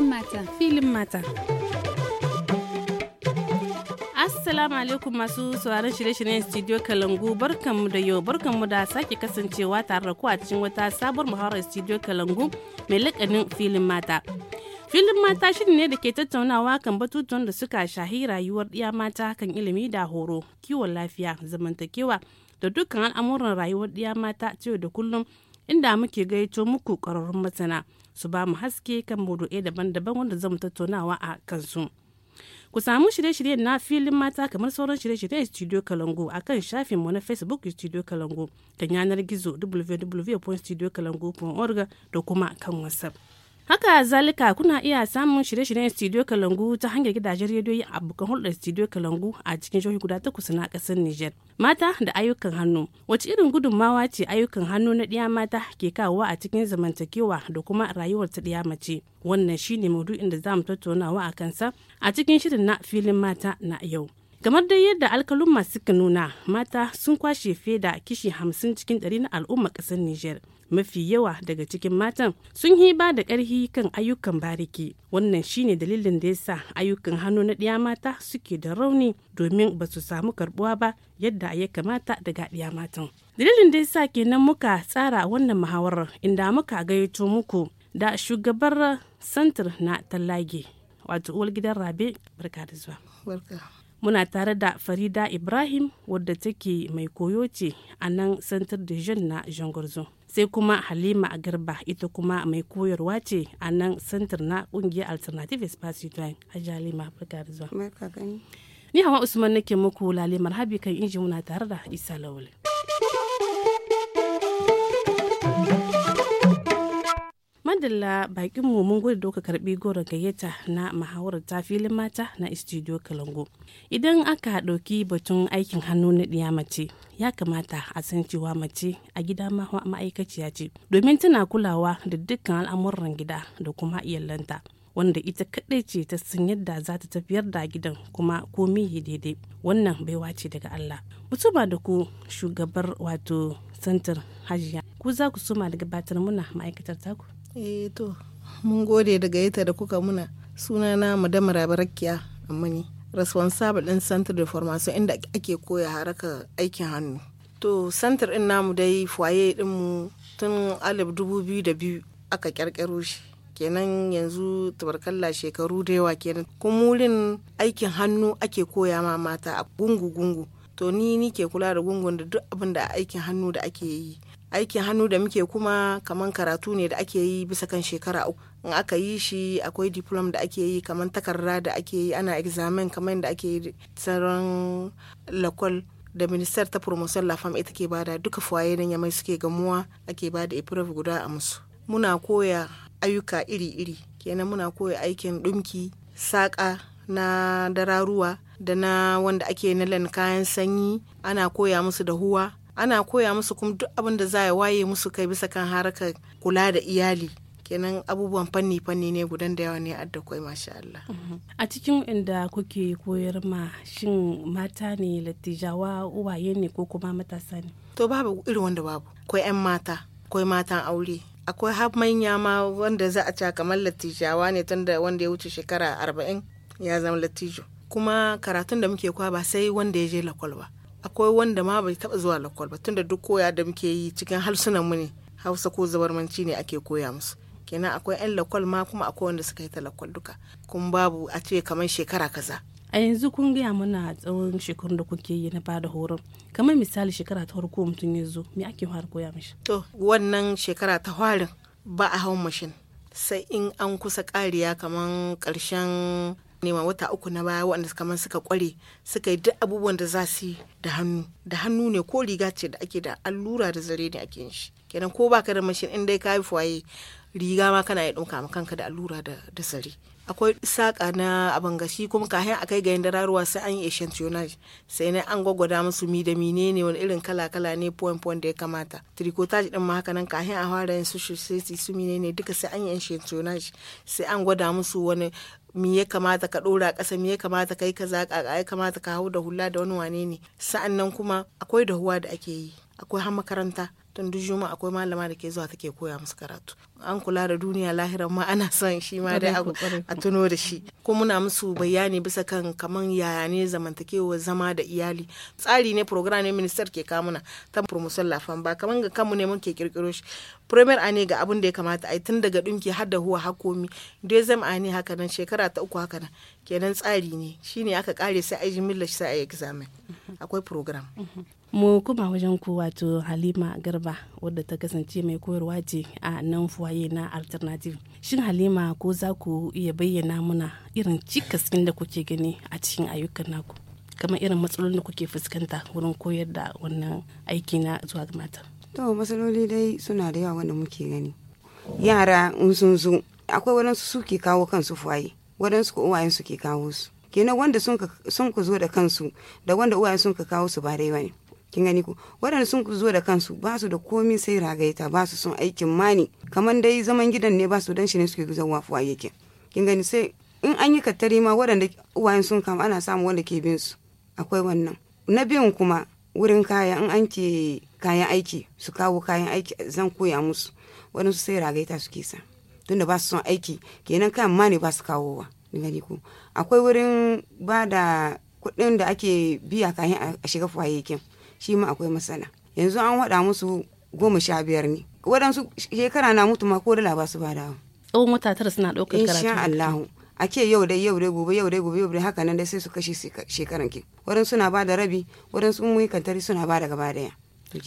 Filin mata. Filin mata. Assalamu alaikum masu sauraron shirye-shiryen Studio Kalangu barkanmu da yau barkanmu da sake kasancewa tare da ku cikin wata sabuwar muhawarar Studio Kalangu mai lakanin filin mata. Filin mata shirin ne da ke tattaunawa kan batutuwan da suka shahi rayuwar ɗiya mata kan ilimi da horo, kiwon lafiya, zamantakewa da dukkan al'amuran rayuwar ɗiya mata ta da kullum inda muke gaito muku ƙwararrun masana. su ba mu haske kan maudu'ai daban-daban wanda zamu tattaunawa a kansu. Ku samu shirye shirye na filin mata kamar sauran shirye-shiryen Studio Kalango a kan shafinmu na Facebook Studio Kalango kan yanar gizo www.studiokalango.org da kuma kan WhatsApp. Haka zalika kuna iya samun shirye-shiryen Studio Kalangu ta hanyar gidajen rediyoyi a bukan hulɗar Studio Kalangu a cikin jihohi guda takwas na ƙasar niger Mata da ayyukan hannu. Wace irin gudunmawa ce ayyukan hannu na ɗiya mata ke kawowa a cikin zamantakewa da kuma rayuwar ta ɗiya mace? Wannan shine maudu'in da za mu tattaunawa a kansa a cikin shirin na filin mata na yau. kamar dai yadda alkalumma suka nuna mata sun kwashe fiye da kishi hamsin cikin ɗari na al'umma ƙasar niger. mafi yawa daga cikin matan sun ba da ƙarfi kan ayyukan bariki wannan shine dalilin da yasa ayyukan hannu na ɗiya mata suke da rauni domin ba su samu karbuwa ba yadda ya kamata daga ɗiya matan dalilin da yasa kenan muka tsara wannan muhawarar inda muka gayyato muku da shugabar santar na tallage wato uwar gidan rabe barka da zuwa muna tare da farida ibrahim wadda take mai koyo ce a nan santar da na jangorzo sai kuma halima a garba ita kuma mai koyarwa ce a nan santar na kungiyar alternative space citoyen a Jalima afirka da zuwa ni hawa usman nake muku lalimar habi kan inji muna tare da isa lawal madalla bakin mu mun gudu doka karɓi goro gayyata na muhawarar ta filin mata na studio kalangu. idan aka ɗauki batun aikin hannu na ɗiya mace ya kamata a san cewa mace a gida ma ma'aikaciya ce domin tana kulawa da dukkan al'amuran gida da kuma iyalanta wanda ita kaɗai ce ta san yadda za ta tafiyar da gidan kuma komi ya daidai wannan baiwa ce daga Allah. Mutuba da ku shugabar wato santar hajiya ku za ku suma da gabatar muna ma'aikatar taku. eh to mun gode da gayyata da kuka muna sunana madama amma amani responsible din center de formation inda ake koya haraka aikin hannu to center din namu dai foyer din mu tun 2002 aka kirkiro shi kenan yanzu tabarkalla shekaru da yawa kenan kuma wurin aikin hannu ake koya ma mata a gungu-gungu to ni ke kula da gungun da duk abin da aikin hannu da ake yi aikin hannu da muke kuma kaman karatu ne da ake yi bisa kan shekara uku in aka yi shi akwai diplom da ake yi kaman takarda da ake yi ana examen kamar da ake yi tsaron lakwal da ministar ta promotion la femme ita ke bada duka fuwaye na yamai suke gamuwa ake bada ifrof guda a musu muna koya ayyuka iri-iri kenan muna koya aikin ɗumki saƙa na dararuwa da na wanda ake na nalan kayan sanyi ana koya musu da huwa ana koya musu kuma duk abin da za a waye musu kai bisa kan harkar kula da iyali kenan abubuwan fanni fanni ne gudan da yawa ne adda kwai masha Allah. A cikin inda kuke koyar ma shin mata ne lattijawa uwaye ne ko kuma matasa ne? To babu irin wanda babu. koi 'yan mata, koi matan aure, akwai har manya ma wanda za a ca kamar lattijawa ne tunda wanda ya wuce shekara arba'in ya zama lattijo. Kuma karatun da muke kwa ba sai wanda ya je lakwal ba. akwai wanda ma bai taba zuwa lakwal ba tunda duk koya da muke yi cikin harsunan mu ne hausa ko zabarmanci ne ake koya musu kenan akwai 'yan lakwal ma kuma akwai wanda suka yi ta lakwal duka kun babu a ce kamar shekara kaza a yanzu kun gaya mana tsawon shekarun da kuke yi na bada horon kamar misali shekara ta farko mutum ya zo me ake fara koya mishi to wannan shekara ta farin ba a hawan mashin sai in an kusa kariya kamar karshen neman wata uku na baya waɗanda kamar suka kware suka yi duk abubuwan da za su yi da hannu da hannu ne ko riga ce da ake da allura da zare ne ake yin shi kenan ko baka da mashin in dai ka yi fuwaye riga ma kana iya ɗauka ma kanka da allura da zare akwai saƙa na abangashi kuma kahin a kai ga yin dararuwa sai an yi echantillonage sai ne an gwagwada musu mi da mine ne wani irin kala kala ne point point da ya kamata tricotage din ma haka nan kahin a fara yin su shisesi su mine ne duka sai an yi echantillonage sai an gwada musu wani mi ya kamata ka ɗora ƙasa mi ya kamata ka yi kaza ka ya kamata ka hau da hula da wani wane ne sa'an nan kuma akwai dahuwa da ake yi akwai har makaranta tun duk juma akwai malama da ke zuwa take koya musu karatu an kula da duniya lahiran ma ana son shi ma dai a tuno da shi ko muna musu bayani bisa kan kaman yaya ne zamantakewa zama da iyali tsari ne program ne minister ke kamuna ta promotion lafan ba kaman ga kanmu ne muke kirkiro shi premier ane ga abin da ya kamata ai tun daga dinki har da huwa hakomi dezem ane haka nan shekara ta uku haka nan kenan tsari ne shine aka kare sai ai jimilla sai ai examen mhm. akwai program mhm. mu kuma wajen ku wato halima garba wadda ta kasance mai koyarwa ce a nan fuwaye na alternative shin halima ko za ku iya bayyana muna irin cikaskin da kuke gani a cikin ayyukan naku kamar irin matsalolin da kuke fuskanta wurin koyar da wannan aiki na zuwa ga mata to matsaloli dai suna da yawa wanda muke gani yara in sun zo akwai waɗansu su ke kawo kansu fuwaye waɗansu ko uwayen su ke kawo su kenan wanda sun ka zo da kansu da wanda uwayen sun ka kawo su ba dai ne. kin gani ko waɗanda sun zo da kansu ba su da komi sai ragaita ba su son aikin mani kamar dai zaman gidan ne ba su dan shi ne suke zauwa fuwa yake kin gani sai in an yi kattari ma waɗanda uwayen sun kama ana samu wanda ke bin su akwai wannan na biyun kuma wurin kaya in an ke kayan aiki su kawo kayan aiki zan koya musu waɗansu sai ragaita ke sa tunda ba su son aiki kenan kayan mani ba su kawowa gani ko akwai wurin ba da kuɗin da ake biya kayan a shiga fuwa yake shi ma akwai matsala yanzu an waɗa musu goma sha biyar ne waɗansu shekara na mutu ma ko dala ba su ba dawa tsawon wata tara suna ɗaukar karatu insha Allah a ke yau dai yau dai gobe yau dai gobe yau dai haka nan dai sai su kashe shekaran ki wadansu suna ba da rabi wadansu mun yi kantari suna ba da gaba daya to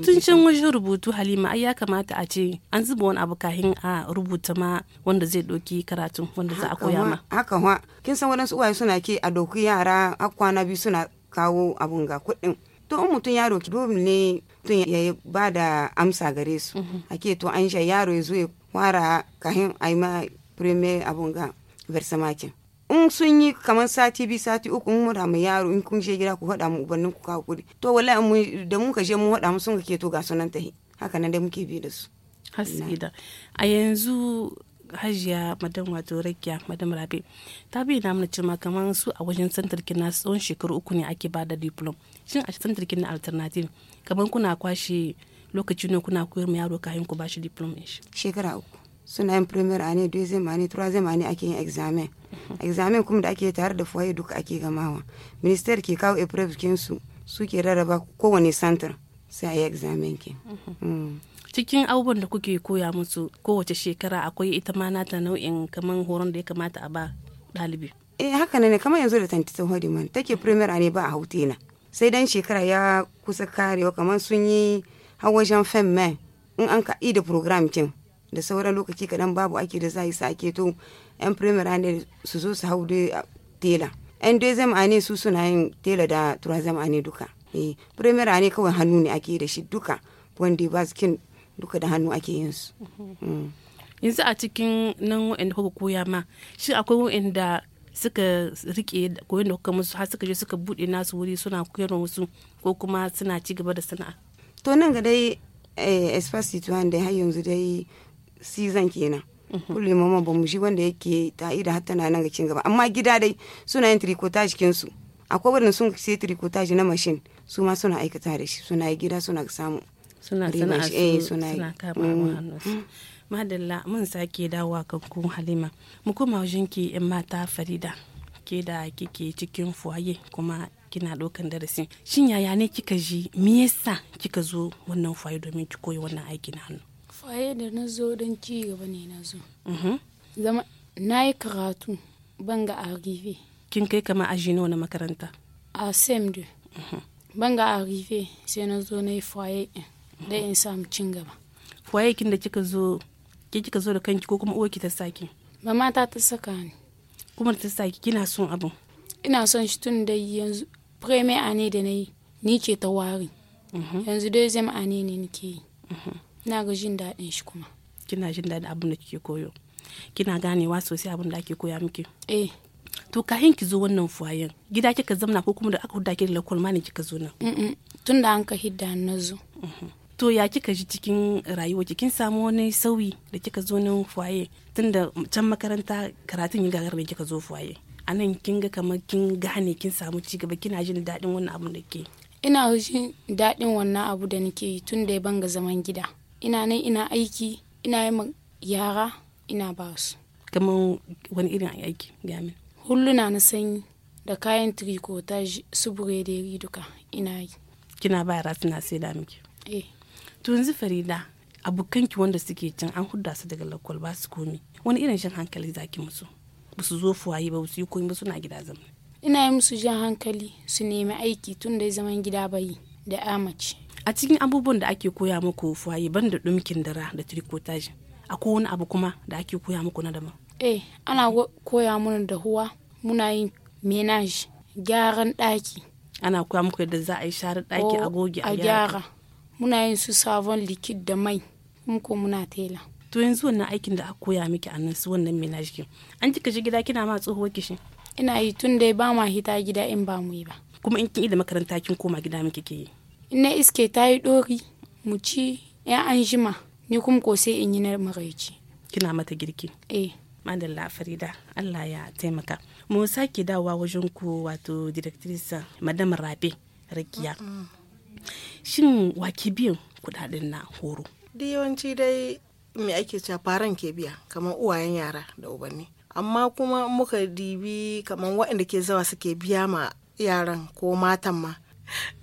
tun can wajen rubutu Halima ai ya kamata a ce an zuba wani abu kahin a rubuta ma wanda zai ɗauki karatun wanda za a koya ma haka wa kin san wadansu uwaye suna ke a doki yara akwana kwana biyu suna kawo abun ga kuɗin to in mutum yaro ki dole ne tun ya ba da amsa gare su mhm. ake to an sha yaro ya zo ya fara kahin a yi ma premier abun ga versamakin in sun yi kamar sati biyu sati uku in mura mai yaro in kun je gida ku haɗa mu ubannin ku kawo kuɗi to wallahi mu da mun ka je mun haɗa mu sun ka ke to ga sunan tahi haka nan dai muke bi da su hasida a yanzu hajiya madam wato rakiya madam rabe ta bi na mana cewa kamar su a wajen santar kina tsawon shekaru uku ne ake bada diplom shin a santar kina alternative kamar kuna kwashe lokaci ne kuna koyar ma yaro kayan ku ba shi diplom ne shi shekara uku suna yin premier ane deuxième ane troisième ne ake yin examen mhm. examen kuma da ake tare da foyer duka ake gamawa minister ke kawo epreuve su su ke rarraba kowane santar sai a yi examen ke mhm. mm. cikin abubuwan da kuke koya musu kowace shekara akwai ita ma nata nau'in kamar horon da ya kamata a ba ɗalibi eh haka ne kamar yanzu da tantitin man take premier ne ba a na sai dan shekara ya kusa karewa kamar sun yi hawajen fem in an ka da program kin da sauran lokaci kadan babu ake da za yi sake to yan primary ne su zo su hau da tela yan zama a ne su suna yin tela da turazem a ne duka eh primary ne kawai hannu ne ake da shi duka wanda ba su duka da hannu ake yin su mm. yanzu a cikin nan wa'anda kuka koya ma shi akwai wa'anda suka rike koyon da kuka musu har suka je suka bude nasu wuri suna koyarwa wasu ko kuma suna ci gaba da sana'a to nan ga dai eh, tuwa da har yanzu dai season kenan mhm. kullum mama ba mu shi wanda yake ta'ida har tana nan ga cin gaba amma gida dai suna yin tricotage kinsu akwai wadanda sun sai tricotage na mashin su ma suna aikata da shi suna yi gida suna samu suna eh, suna suna kama mm. hannunsu madalla mun sake dawowa kan ku halima mu kuma ki in mata farida ke da kike cikin fuwaye kuma kina dokan darasi shin yaya ne kika ji me yasa kika zo wannan fuwaye domin ki koyi wannan aikin hannu fuwaye da na zo don ci gaba ne na zo mm-hmm. zama na yi karatu ban ga arrive kin kai kama aji na wani makaranta a sem mm-hmm. ban ga arrive sai na zo na yi fuwaye don in samu cin gaba waye kin da kika zo ki kika zo da kanki ko kuma uwarki ta saki ba ta ta saka ni kuma ta saki kina son abu. ina son shi tun da yanzu preme ane da nayi ni ke ta wari mhm. yanzu dai zama ane ne nike yi mhm. ina ga jin daɗin shi kuma kina jin daɗin abin da kike koyo kina ganewa sosai abin da ake koya miki eh to kayan ki zo wannan fuwayen gida kika zamna ko kuma da aka hudda ki da lakwal ne kika zo nan tun da an ka hidda na zo mhm. to ya kika ji cikin rayuwa kin samu wani sauyi da kika zo nan fuwaye tunda can makaranta karatun yin gagarar da kika zo fwaye a nan kin ga kamar kin gane kin samu ci gaba kina jin daɗin wannan abu da ke ina jin daɗin wannan abu da nake tun da ya banga zaman gida ina nan ina aiki ina yi yara ina ba su kamar wani irin aiki gamin hulluna na sanyi da kayan tricotage su burederi duka ina yi kina ba yara suna sai da miki eh to yanzu farida abokanki wanda suke can an hudda su daga lakwal ba su komi wani irin shan hankali zaki musu ba su zo fuwaye ba su yi komi ba suna gida zama ina yi musu jan hankali su nemi aiki tun da zaman gida bayi da amaci a cikin abubuwan da ake koya muku fuwaye ban da dumkin dara da trikotaji akwai wani abu kuma da ake koya muku na daban eh ana koya mana da huwa muna yin menage gyaran daki ana koya muku yadda za a yi share daki a goge a gyara muna yin su sabon likid da mai ko muna tela to yanzu wannan aikin da aka koya miki anan su wannan menage an kika shi gida kina ma tsohuwar kisi. ina yi tun dai ba ma hita gida in ba mu yi ba kuma in kin da makaranta kin koma gida miki ke yi in na iske ta yi dori mu ci yan an jima ni kuma ko sai in yi na maraici kina mata girki eh madalla farida allah ya taimaka mu sake dawowa wajen ku wato directrice madam rabe rakiya shin wake biyan kudaden na horo da yawanci dai me ake cewa ke biya kamar uwayen yara da ubanni amma kuma muka dibi kamar waɗanda ke zawa suke biya ma yaran ko matan ma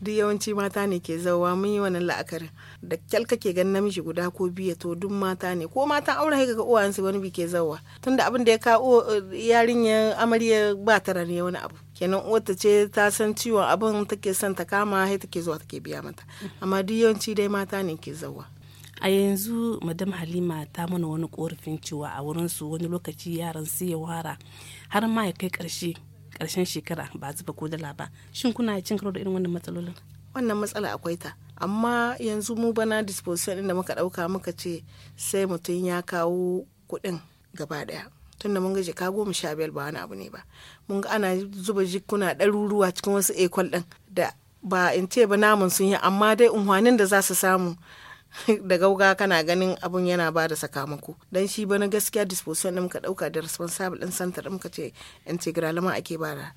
duk yawanci mata ne ke zawa mun yi wannan la'akarin da kyal kake gan namiji guda ko biya to duk mata ne ko mata aure ga uwayensu wani bi ke zawa tunda abin da ya kawo eh, yarinyar amarya ba tara ne wani abu kenan wata ce ta san ciwon abin take son ta kama sai take zuwa take biya mata amma duk yawanci dai mata ne ke zawa a yanzu madam halima ta mana wani korafin cewa a wurin su wani lokaci yaran su ya wara har ma ya kai karshe karshen shekara ba zuba ko dala ba shin kuna cin karo da irin wannan matsalolin wannan matsala akwai ta amma yanzu mu bana disposition din da muka dauka muka ce sai mutum ya kawo kuɗin gaba daya tunda mun ga jaka goma sha biyar ba wani abu ne ba mun ga ana zuba jikuna ɗaruruwa cikin wasu ekol ɗin da ba in ce ba namun sun yi amma dai unhwanin da za su samu da gauga kana ganin abun yana ba da sakamako dan shi ba na gaskiya disposition din ka ɗauka da responsible ɗin center ɗin ka ce integral ma ake ba da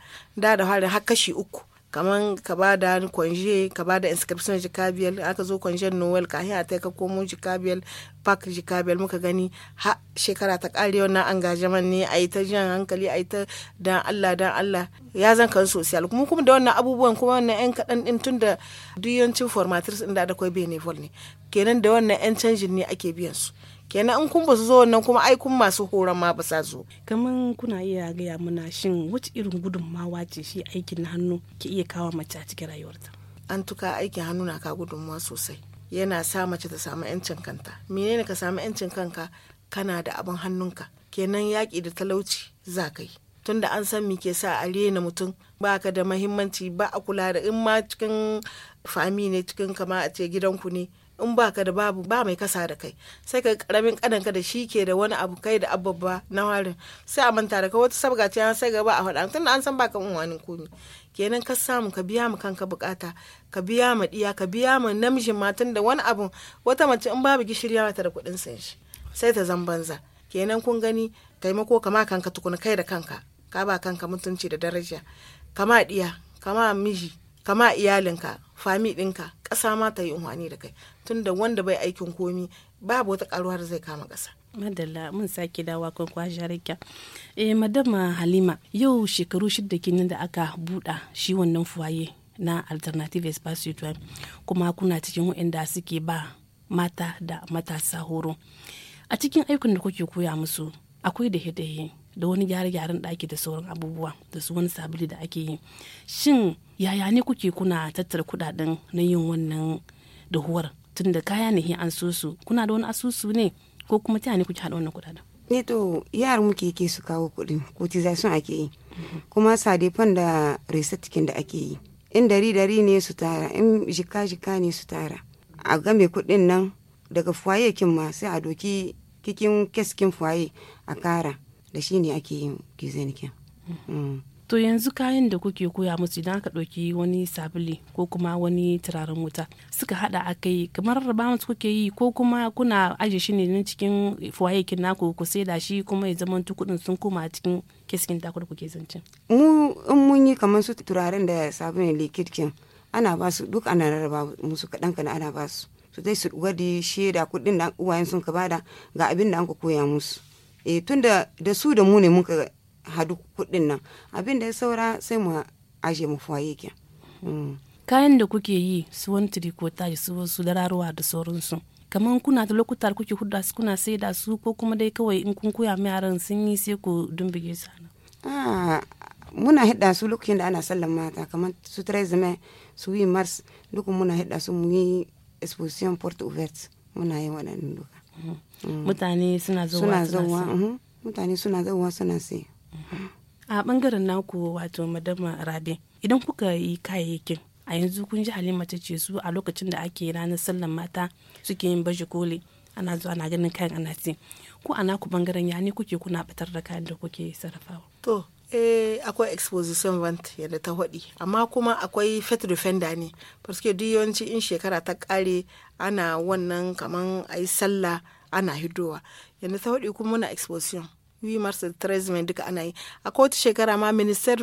da da har kashi uku kaman ka ba da kwanje ka ba da inscription jika biyar aka zo kwanjen noel hiya ta ka komo jika biyar park jika muka gani ha shekara ta kare wannan man ne a yi ta jan hankali a yi ta dan allah dan allah ya zan kan social kuma kuma da wannan abubuwan kuma wannan yan kaɗan in tun da duk yancin formators ɗin da da kwai benevol ne kenan da wannan yan canjin ne ake biyan su kenan in kun basu zo nan kuma ai kun masu horon ma ba sa zo kaman kuna iya gaya muna shin wace irin gudunmawa ce shi aikin hannu ke iya kawo mace a cikin rayuwarta an tuka aikin hannu na ka gudunmawa sosai yana sa mace ta samu yancin kanta menene ka samu yancin kanka kana da abin hannunka kenan yaƙi da talauci za ka yi tunda an san me ke sa a rena mutum ba ka da mahimmanci ba a kula da in ma cikin fami ne cikin kama a ce gidanku ne in ba ka da babu ba mai kasa da kai sai ka karamin kadan ka da shi ke da wani abu kai da ababba na warin sai a manta da ka wata sabga ce an sai gaba a faɗa da an san ba ka wani komi kenan ka samu ka biya mu kanka bukata ka biya ma diya ka biya ma namijin matan da wani abu wata mace in babu gishiri ya mata da kuɗin sa shi sai ta zan banza kenan kun gani taimako kama kanka tukuna kai da kanka ka ba kanka mutunci da daraja kama diya kama miji kama iyalinka fami ɗinka ƙasa ma ta yi unhwani da kai tunda wanda bai aikin komi babu wata karuwa zai kama ƙasa madalla mun sake dawa kan kwasharika eh madama halima yau shekaru shida kinin da aka buɗa shi wannan fuwaye na alternative espace kuma kuna cikin waɗanda suke ba mata da matasa horo a cikin aikin da kuke koya musu akwai da hidayen da wani gyare-gyaren ɗaki da sauran abubuwa da su wani sabili da ake yi shin yaya ne kuke kuna tattara kuɗaɗen na yin wannan dahuwar tun da kaya ne an so su kuna da wani asusu ne ko kuma ta ne kuke haɗa wannan kudaden. ne to yaran muke ke su kawo kuɗin cotization ake yi kuma sadefan da cikin da ake yi in dari dari ne su tara in jika jika ne su tara a game kuɗin nan daga fuwaye kin ma sai a doki kikin keskin fuwaye a kara da shi ne ake yin kizenikin mm. to yanzu kayan da kuke koya musu idan aka ɗauki wani sabili ko kuma wani turaren wuta suka haɗa aka yi kamar raba musu kuke yi ko kuma kuna aje shi ne nan cikin fuwayekin naku ku da shi kuma ya zama kuɗin sun koma cikin keskin da kuke zancen. mu in mun yi kamar su turaren da sabulin likitkin ana ba su duk ana rarraba musu kaɗan kaɗan ana ba su su dai su gwadi shaida kuɗin da uwayen sun ka bada ga abin da an koya musu. e tunda da su da mu ne muka hadu kudin nan abin da ya saura sai mu aje mu fuwaye ke mm. kayan da kuke yi su wani tirikota su wasu dararuwa da sauransu kamar kuna da lokuta kuke huda su kuna sai da su ko kuma dai kawai in kun koya yaran sun yi sai ku dumbige su ah, muna hidda su lokacin da ana sallan mata kamar su trezime su yi mars duk muna hidda su mu yi exposition porte ouverte muna yin waɗannan duka Mm. mutane suna zuwa suna mm-hmm. mutane suna zuwa suna sai mm-hmm. a bangaren naku wato madama rabe idan kuka yi kayayyakin a yanzu kun ji halima ta ce su a lokacin da ake ranar sallan mata suke yin baje koli ana zuwa na ganin kayan ana ce ko a ku bangaren ya ne kuke kuna batar da kayan da kuke sarrafawa to eh akwai exposition vent yadda ta hodi amma kuma akwai fet defender ne parce duk yawanci in shekara ta kare ana wannan kaman a yi sallah ana hidowa yadda ta hodi kuma muna exposition wi mars mai duka ana yi a wata shekara ma minister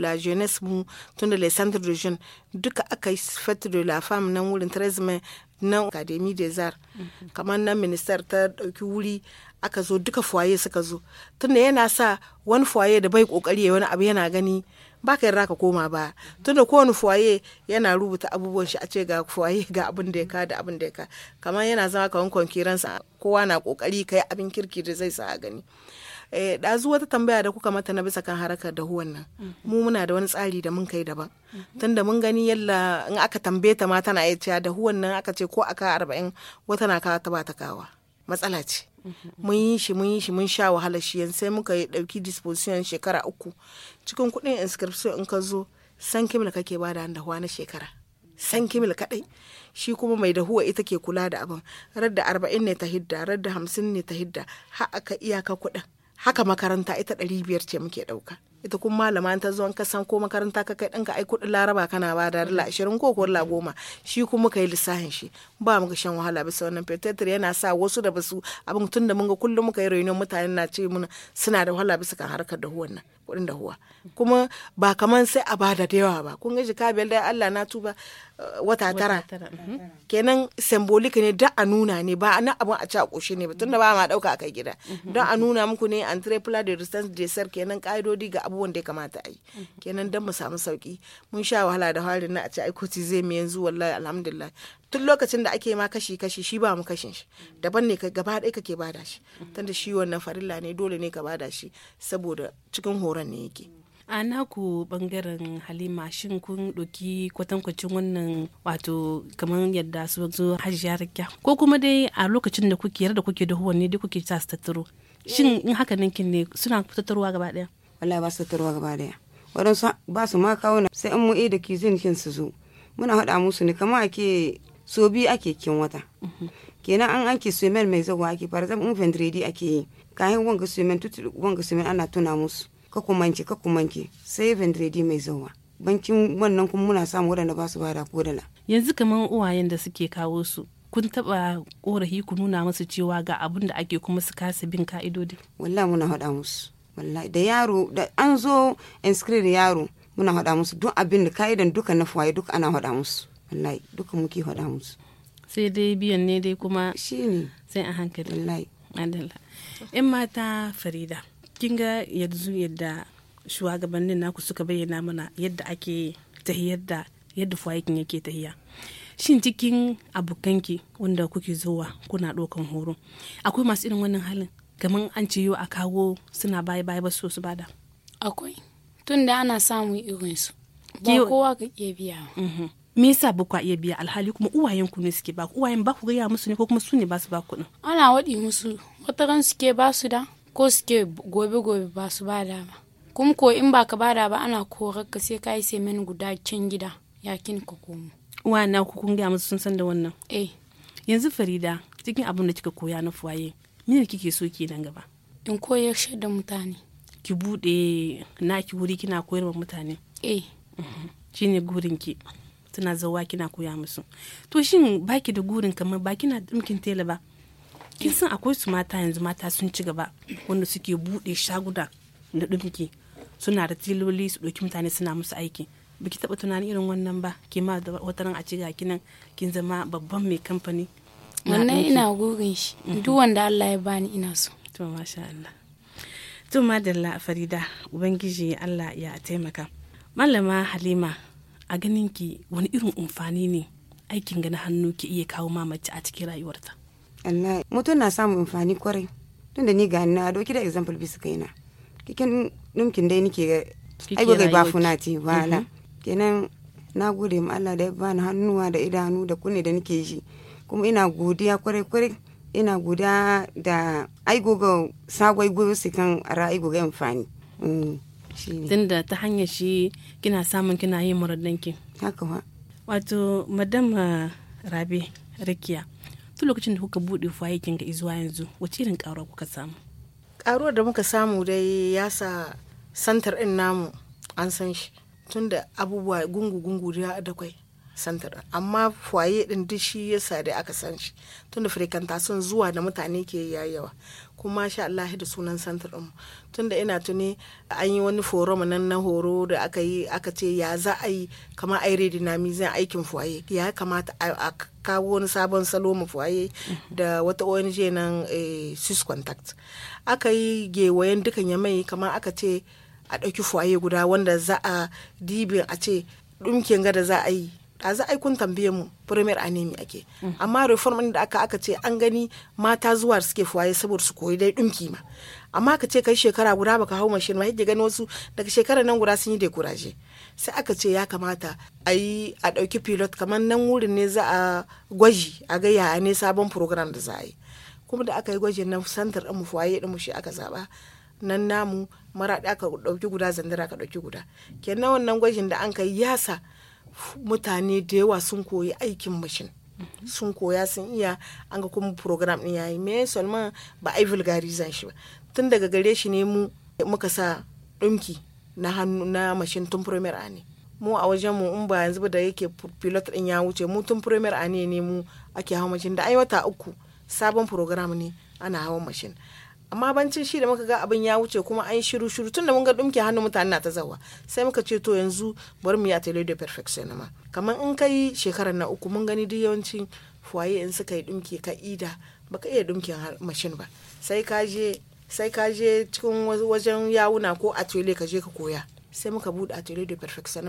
la jeunesse mu tun da le centre de jeunes duka aka yi fet de la femme nan wurin mai nan academy des arts mhm. kamar nan minister ta ɗauki wuri aka zo duka fuwaye suka zo tunda yana sa wani fuwaye da bai kokari wani abu yana gani ba ka yarda ka koma ba tunda kowane fuwaye yana rubuta abubuwan shi a ce ga fuwaye ga abin da ya ka da abin da ya ka kamar yana zama kawan kwankiransa kowa na kokari kai abin kirki da zai sa a gani eh, ɗazu wata tambaya da kuka mata na bisa kan harakar da huwan nan mu muna da wani tsari da mun kai daban tunda mun gani yalla in aka tambaye ta ma tana iya da huwan nan aka ce ko aka arba'in wata na kawa ta ba ta kawa matsala ce mun yi shi mun yi shi mun sha wahala shi yanzu sai muka yi dauki disposition shekara uku cikin kudin inscription in ka zo san kimil kake bada da na shekara san kimil kadai shi kuma mai dahuwa ita ke kula da abin radda arba'in ne ta hidda radda hamsin ne ta hidda ka iya iyaka kuɗin haka makaranta ita ɗari biyar ce muke ɗauka ita kuma malama ta zo ka san ko makaranta ka kai ɗanka ai kuɗin laraba kana ba da dala ashirin ko ko dala goma shi kuma kai lissahin shi ba mu ga shan wahala bisa wannan fetur yana sa wasu da basu abin tun da mun ga kullum muka yi reunion mutane na ce mun suna da wahala bisa kan harkar da huwan nan kuɗin da huwa kuma ba kaman sai a bada da yawa ba kun ga shi biyar da Allah na tuba uh, wata tara mhm. mm-hmm. kenan symbolic ne da a nuna ne ba na abin a ci a ƙoshe ne ba tunda ba ma ɗauka a kai gida mm-hmm. don a nuna muku ne entrepreneur de resistance de kenan ƙa'idodi ga abubuwan da ya kamata a yi kenan dan mu samu sauki mun sha wahala da harin na a ce aikoti zai mu yanzu wallahi alhamdulillah tun lokacin da ake ma kashi kashi shi ba mu kashin shi daban ne gaba ɗaya kake bada shi tunda shi wannan farilla ne dole ne ka bada shi saboda cikin horon ne yake a ku bangaren halima shin kun ɗauki kwatankwacin wannan wato kamar yadda su zo hajiya ko kuma dai a lokacin da kuke da kuke da ne da kuke sa su tattaro shin eh. in haka ninkin ne suna tattaruwa gaba ɗaya Allah ba su tarwa gaba daya waɗansu ba su ma kawo na sai an mu'i da kizin kin su zo muna haɗa musu ne kamar ake so biyu ake kin wata mhm. kenan an anke sumen mai zagwa ake fara zama in fendredi ake yi kayan wanga sumen tutu wanga sumen ana tuna musu ka kumanci ka kumanci sai fendredi mai zagwa bankin wannan kuma muna samu waɗanda ba su bada kodala yanzu kamar uwayen da suke kawo su kun taba korafi ku nuna musu cewa ga abin da ake kuma su kasa bin ka'idodi wallahi muna haɗa musu wallahi da yaro da an zo inscribe yaro muna hada musu duk abin da ka'idan duka na fuwaye duka ana hada musu wallahi duka muke hada musu sai dai biyan ne dai kuma shine sai a hankali wallahi adalla in mata farida kin ga yanzu yadda shugabannin naku suka bayyana mana yadda ake tahiyar da yadda fuwayekin yake tahiya shin cikin abokanki wanda kuke zuwa kuna ɗaukan horo akwai masu irin wannan halin kamar an ce yiwu a kawo suna baya baya ba su su bada akwai tunda ana samun irin su ba kowa ka iya biya mhm. me yasa ba ku iya biya alhali kuma uwayen ku ne suke ba ku uwayen ba ku gaya musu ne ko kuma su ne ba su ba ku ne ana waɗi musu wata ran suke ba su da ko suke gobe gobe ba su ba da ba kuma ko in ba ka bada ba ana korar ka sai ka yi semen guda can gida yakin ka komo uwa na ku kun gaya musu sun san da wannan eh yanzu farida cikin abin da kika koya na fuwaye me kike so ki nan gaba in koyar da mutane ki bude naki wuri kina koyar wa mutane eh mhm. shine gurin ki tana zawa kina koya musu to shin baki da gurin kamar ba kina dumkin tela ba kin san akwai su mata yanzu mata sun ci gaba wanda suke bude shaguna da dumki suna da tiloli su ɗauki mutane suna musu aiki baki taba tunanin irin wannan ba ke ma wata ran a ci ga kinan kin zama babban mai kamfani wannan ina gogin shi mhm. duk wanda Allah ya bani ina so to masha Allah to madalla Farida ubangiji Allah ya taimaka malama Halima a ganin ki wani irin umfani ne aikin gana hannu ki iya kawo ma mace a cikin rayuwarta Allah mutum na samun amfani kwarai tunda ni ga na doki da example bisa kaina kikin numkin dai nike ai ba ba ce wala mhm. kenan na gode ma Allah da ya bani hannuwa da idanu da kunne da nake ji kuma ina godiya kwarai-kwarai ina guda da aigoga sagwai goyo su kan ara aigoga amfani mm, tunda ta hanyar shi kina samun kina yin muradanki haka wa wato madam ah, rabe rakiya tun lokacin da kuka buɗe fayakin ga izuwa yanzu wace irin ƙaruwa kuka samu ƙaruwar da muka samu dai ya sa santar ɗin namu an san shi tunda abubuwa gungu-gungu da kwai center amma foyer din duk shi yasa sadi aka san shi tunda frequentation zuwa da mutane ke yayawa kuma sha Allah da sunan center din tunda ina tuni an yi wani forum nan na horo da aka yi aka ce ya za a yi kamar ai zan aikin foyer ya kamata a kawo wani sabon salo mu foyer da wata ONG nan eh, sis contact aka yi gewayen dukan ya mai kamar aka ce a ɗauki foyer guda wanda za a dibin a ce ɗumkin da za a yi a za a kun tambaye mu premier anemi ake amma reform da aka aka ce an gani mata zuwa suke fuwaye saboda su koyi dai dinki ma amma ka ce kai shekara guda baka hau mashin ma yadda gani wasu daga shekara nan guda sun yi dekuraje sai aka ce ya kamata a yi a dauki pilot kamar nan wurin ne za a gwaji a ga yaya ne sabon program da za a yi kuma da aka yi gwajin nan santar din mu fuwaye din mu shi aka zaba nan namu maraɗi aka dauki guda zandara ka dauki guda kenan wannan gwajin da an kai yasa mutane da yawa sun koyi aikin mashin sun koya sun iya an ga kuma program ɗin yayi me salman ba ai vulgarizan shi ba tun daga gare shi ne mu muka sa ɗumki na hannu na mashin tun premier a ne mu a wajen mu in ba yanzu ba da yake pilot ɗin ya wuce mu tun premier a ne ne mu ake hawa mashin da ai wata uku sabon program ne ana hawan mashin amma bancin shi da muka ga abin ya wuce kuma an shiru shiru tun da mun ga dumke hannu mutane na ta zawa sai muka ce to yanzu bari mu yi atelier de ma kamar in kai shekarar na uku mun gani duk yawancin fuwaye in suka yi dumke ka ida baka iya dumkin mashin ba sai ka je sai ka je cikin wajen yawuna ko atelier ka je ka koya sai muka bude atelier de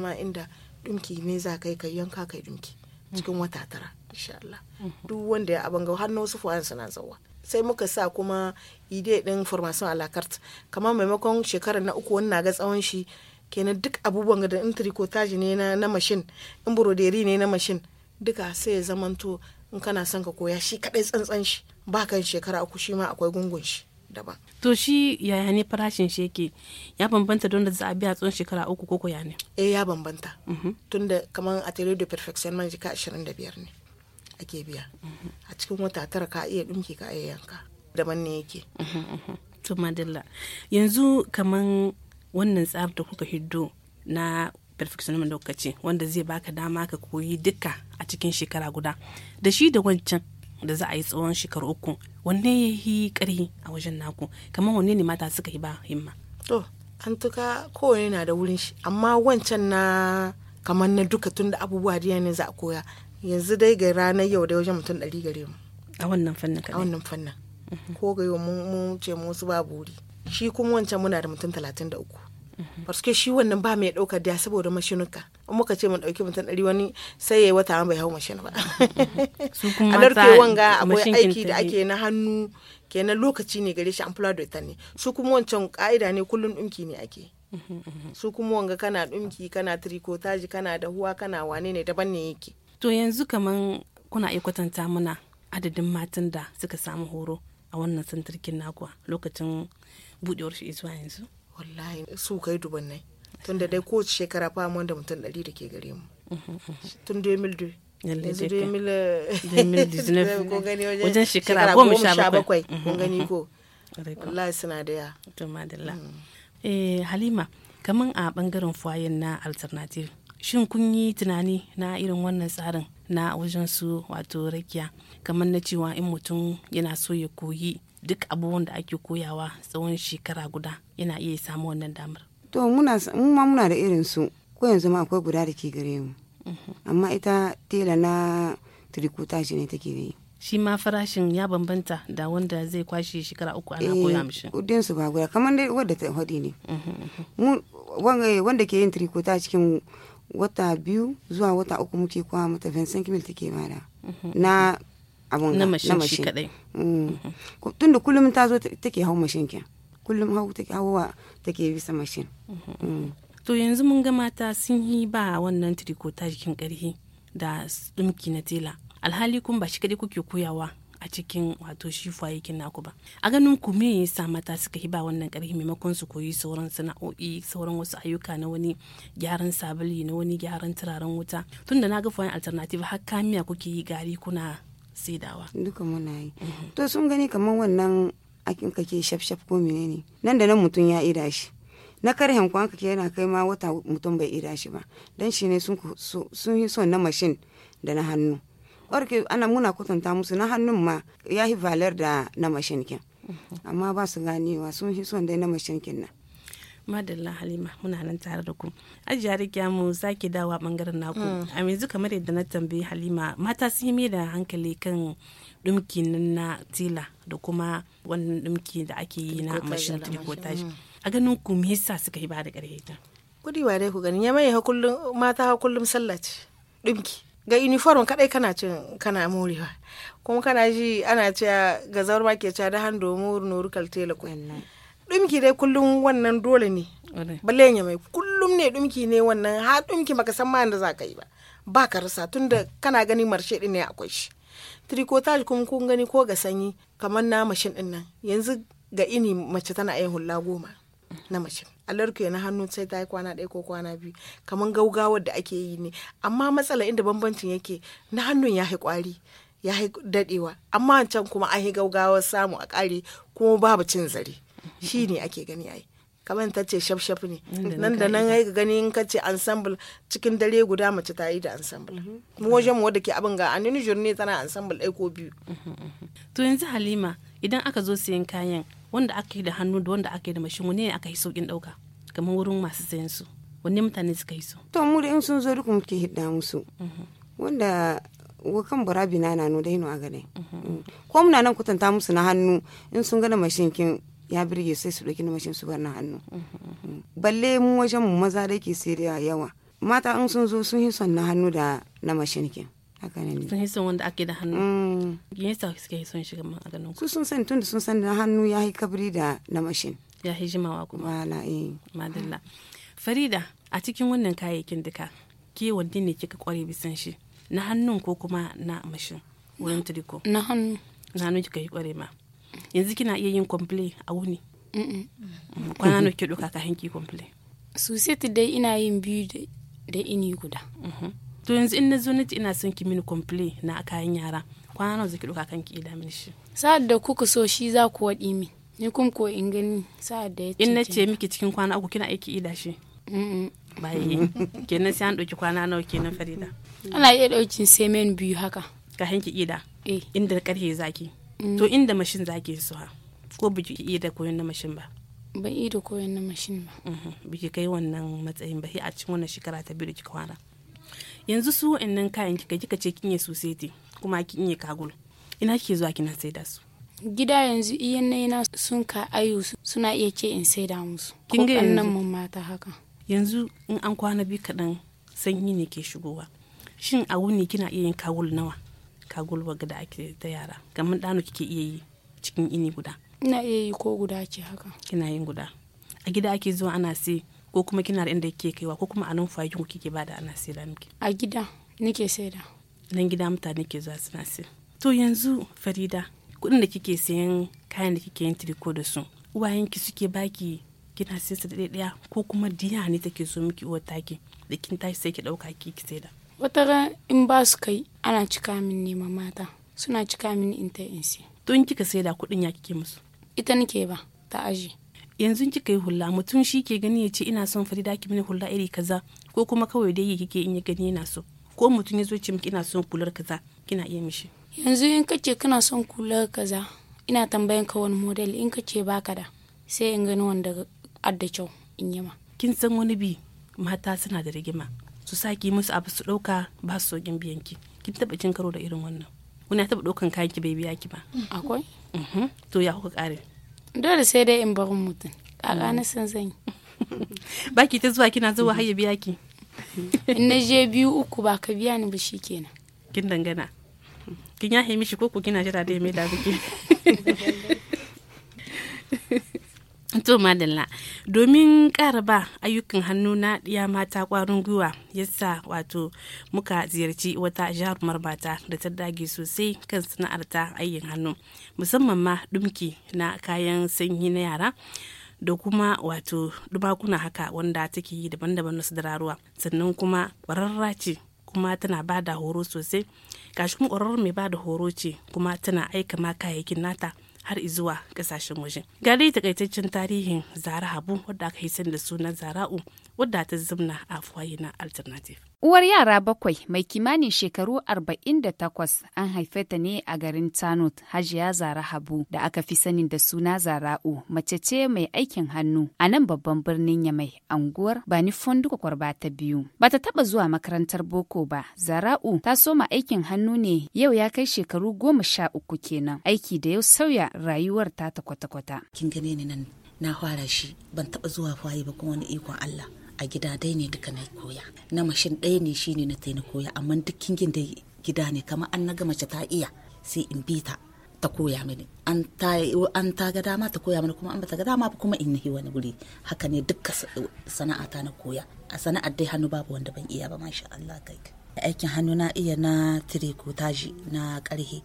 ma inda dumki ne za kai ka yanka kai dumki cikin wata tara inshallah duk wanda ya abanga har na wasu fuwan suna zawa sai muka sa kuma ide din formation a la carte kamar maimakon shekara na uku wannan ga tsawon shi kenan duk abubuwan da in tricotage ne na na mashin in broderi ne na mashin duka sai ya zamanto in kana son ka koya shi kadai tsantsan shi ba kan shekara uku shi ma akwai gungun shi daban to shi yaya ne farashin shi ya bambanta don da za a biya tsawon shekara uku ko ya ne eh ya bambanta mhm. tunda kamar atelier de perfectionnement jika 25 ne ake biya a cikin wata tara ka iya ɗumki ka iya yanka daban ne yake to madalla yanzu kaman wannan tsafta kuka hiddo na perfectionism da kuka ce wanda zai baka dama ka koyi duka a cikin shekara guda da shi da wancan da za a yi tsawon shekaru uku wanne ya yi karhi a wajen naku kaman wanne ne mata suka yi ba himma to an tuka kowane na da wurin shi amma wancan na kamar na duka tunda abubuwa da ne za a koya yanzu dai ga ranar yau da wajen mutum ɗari gare mu a wannan fannin a wannan fannin mhm. ko ga yau mu ce mu wasu babu wuri shi kuma wancan muna da mutum talatin da uku mhm. parce shi wannan ba mai ɗaukar da saboda mashinuka in muka ce mu ɗauki mutum ɗari wani sai ya yi wata bai hau mashin ba mhm. a darke wanga akwai aiki da ake na hannu kenan lokaci ne gare shi an fula da ne su kuma wancan ka'ida ne kullum ɗinki ne ake su kuma wanga kana ɗinki kana trikotaji kana dahuwa kana wane ne daban ne yake to yanzu kaman kuna iya kwatanta mana adadin matan da suka samu horo a wannan santarkin nakuwa lokacin budewar shi zuwa yanzu wallahi su kai ne tun da dai kowace shekara fa mu da mutum ɗari da ke gare mu mhm, mhm. tun 2002 yanzu 2019 eh, wajen shekara goma sha bakwai kun gani mhm, ko wallahi suna da ya to mm. eh, halima kaman a bangaren foyer na alternative shin kun yi tunani na irin wannan tsarin na wajen su wato rakiya kamar na cewa in mutum yana so ya koyi duk abubuwan da ake koyawa tsawon shekara guda yana iya samu wannan damar to muna ma muna da irin su ko yanzu ma akwai guda da ke gare mu mhm. amma ita tela na shi ne take yi shi ma farashin ya bambanta da wanda zai kwashe shekara uku ana eh, koya mishi kudin su ba guda kamar dai wadda ta hadi ne mhm, mhm. wanda ke yin trikuta cikin wata biyu zuwa wata uku muke kowa mata vincent kimil take bada mhm. na abun na mashin kadai tun da kullum ta zo take hau mashin ke kullum hau take wa take bisa mashin mhm. mm. to yanzu mun ga mata sun yi ba wannan triko ta jikin karhi da dumki na tela alhali kun ba shi kadai kuke koyawa a cikin wato shi fayikin naku ba a ganin ku me yasa mata suka hiba wannan karfi maimakon su koyi sauran sana'o'i sauran wasu ayyuka na wani gyaran sabili na wani gyaran turaren wuta tunda na ga fayin alternative har kamiya kuke yi gari kuna saidawa duka muna yi mhm. to sun gani kamar wannan akin kake shaf ko menene nan da nan mutum ya ida shi na karhen kwan kake yana kai ma wata mutum bai ida shi ba dan shi ne sun yi son na mashin da na hannu barke ana muna kwatanta musu na hannun ma ya yi valar da na mashinkin mhm. amma ba su ganewa sun fi son dai na mashinkin nan madalla halima muna nan tare da ku ajiya rikiya mu sake dawa bangaren naku mm. a yanzu kamar yadda na tambayi halima mata sun yi mai da hankali kan dumki na tila da kuma wannan dumki da ake yi na mashin mm. a ganin ku me yasa suka yi ba da ƙarfi ta kudiwa dai ku gani ya mai ha mata ha kullum sallah ce dumki ga uniform kadai kana cin kana morewa kuma kana ji ana cewa ga zaurma ke cewa da hando muru noru kaltela ku dumki dai kullum wannan dole ne balle ya mai kullum ne dumki ne wannan ha dumki baka san ma da za ka yi ba ba ka rasa tunda kana gani marshe din ne akwai shi tricotage kuma kun gani ko ga sanyi kamar na mashin din nan yanzu ga ini mace tana yin hulla goma na mashin alarku na hannu sai ta yi kwana ɗaya ko kwana biyu kamar gaugawa da ake yi ne amma matsala inda bambancin yake na hannun ya kwari ya daɗewa amma can kuma an yi gaugawar samu a ƙare kuma babu cin zare shi ne ake gani ai kamar ta ce shafshaf ne nan da nan ga gani in ka ce ensemble cikin dare guda mace ta yi da ensemble mhm. mu waje mu wadda ke abin ga anini ne tana ensemble ɗaya ko biyu mhm, mhm, to yanzu halima idan aka zo sayan kayan wanda aka yi da hannu da wanda aka yi da mashin wani ne aka yi saukin ɗauka kamar wurin masu sayan su wani mutane suka yi su to mu da in sun zo duk muke hidda musu wanda wakan burabi na nanu da hino a gane mm. ko muna nan kwatanta musu na hannu in sun gana mashin kin ya birge sai su ɗauki mashin su bar na hannu mm-hmm. balle mu wajen mu maza da ke sai yawa mata in sun zo sun yi son na hannu da na mashin ke haka ne sun yi son wanda ake da hannu mm. yasa suke yi son shiga maganin su sun san tun da sun san na hannu ya yi kabri da na mashin ya yi jimawa kuma wala eh madalla farida a cikin wannan kayayyakin duka ke wanne ne kika kware bisan shi na hannun ko kuma na mashin wurin turiko na hannu na hannu kika yi kware ma yanzu kina iya yin komple a wuni mm, kwana na ki ɗauka kafin ki komple sosai dai ina yin biyu da ini guda mm-hmm. to yanzu in na zo na ina son ki mini komple na kayan yara kwana nawa zaki ɗauka kanki ila mini shi sa'ad da kuka so shi za ku waɗi min ni kuma ko in gani sa'ad da ya in na ce miki cikin kwana uku kina aiki ila shi baye kenan sai an ɗauki kwana nawa kenan farida ana iya ɗaukin semen biyu haka ka hanki ida eh. inda karhe zaki to mm. inda mashin ki su ha ko biki iya da koyon na mashin ba ban iya da koyon na mashin ba mhm. biki kai wannan matsayin ba a cikin wannan shekara ta biyu da kika fara yanzu su wa'annan kayan kika kika ce kin yi sosai kuma kin yi kagul ina kike zuwa kina saida su gida yanzu iyan e na sun ka ayu suna iya ce in saida musu kin ga nan mun mata haka yanzu in an kwana bi kaɗan sanyi ne ke shigowa shin a wuni kina iya yin kagul nawa kagul ga da ake ta yara kamar ɗano kike iya yi cikin ini guda ina iya yi ko guda ce haka kina yin guda a gida ake zuwa ana sai ko kuma kina da inda kike kaiwa ko kuma a nan fakin ku kike bada ana sai da miki a gida nake sai da nan gida mutane ke zuwa suna sai to yanzu farida kuɗin da kike sayan kayan da kike yin triko da su uwayenki suke baki kina sai su da ɗaya ko kuma diya ne take so miki uwar taki da kin tashi sai ki ɗauka ki ki sai da wata in ba su kai ana cika min nema mata suna cika min in ta in si tun kika da kuɗin ya kike musu ita nake ba ta aji yanzu kika yi hula mutum shi ke gani ya ce ina son farida ki mini hula iri kaza ko kuma kawai dai ya kike in ya gani yana so ko mutum ya zo ce miki ina son kular kaza kina iya mishi yanzu in kace kana son kular kaza ina tambayan ka wani model in kace baka da sai in gani wanda adda kyau in yi ma kin san wani bi mata suna da rigima su saki musu abu su ɗauka ba su sokin biyan ki kin taba cin karo da irin wannan wani ya taba ɗaukan kayan ki bai biya ki ba akwai mhm. to ya kuka kare dole sai dai in bar mutum a ranar san zan yi baki ta zuwa kina zuwa har ya biya ki in na je biyu uku ba ka biya ni ba shi kenan kin dangana kin ya mishi ko ku kina jira da ya mai da to madalla domin ƙara ba ayyukan hannu na ɗiya mata ƙwarin gwiwa yasa wato muka ziyarci wata jarumar mata da ta dage sosai kan sana'arta ayyukan hannu musamman ma ɗumki na kayan sanyi na yara da kuma wato dubakuna haka wanda take yi daban-daban na dararuwa sannan kuma ƙwararra ce kuma tana ba da horo sosai gashi kuma ƙwararra mai ba da horo ce kuma tana aika ma kayayyakin nata har izuwa kasashen waje gari takaitaccen tarihin zara habu wadda aka yi sani da sunan zara'u wadda ta zamna a fuwaye na alternative Uwar yara bakwai mai kimanin shekaru arba'in da takwas an haife ta ne a garin Tanut, Hajiya Zara Habu da aka fi sanin da suna Zara'u, mace ce mai aikin hannu a nan babban birnin Yamai, anguwar Bani Fonduka Kwarba ta biyu. Ba ta taba zuwa makarantar boko ba, Zara'u ta soma aikin hannu ne yau ya kai shekaru goma sha uku kenan, aiki da yau sauya rayuwar ta ta kwata-kwata. Kin gane ni nan na fara shi ban taba zuwa fayi ba kuma wani ikon Allah. a gida dai ne duka na koya na mashin ɗaya ne shine na na koya amma duk kingin da gida ne kamar an naga mace ta iya sai in bi ta ta koya mini an ta ga dama ta koya mini kuma an bata ga dama ba kuma in yi wani wuri haka ne duka sana'a ta na koya a sana'ar dai hannu babu wanda ban iya ba masha Allah kai aikin hannu na iya na tirikotaji na karhe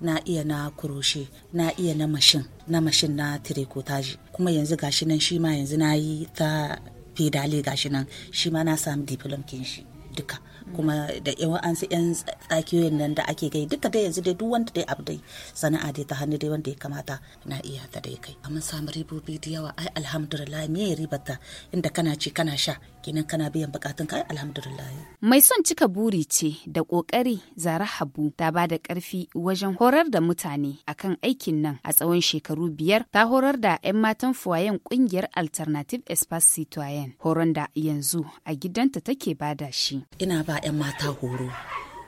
na iya na kuroshe na iya na mashin na mashin na tirikotaji kuma yanzu gashi nan shi ma yanzu na yi ta fedale gashi nan shi ma na samu diplom kin shi duka kuma da wa'ansu 'yan tsakiyoyin nan da ake gai duka dai yanzu dai duk wanda dai abu dai sana'a dai ta hannu dai wanda ya kamata na iya ta dai kai amma samu ribobi da yawa ai alhamdulillah me ya ribata inda kana ci kana sha kenan kana biyan bukatun ka ai alhamdulillah mai son cika buri ce da kokari zara habu ta ba da karfi wajen horar da mutane akan aikin nan a tsawon shekaru biyar ta horar da 'yan matan fuwayen kungiyar alternative espace citoyen horon da yanzu a gidanta take bada shi ina ba ba mata horo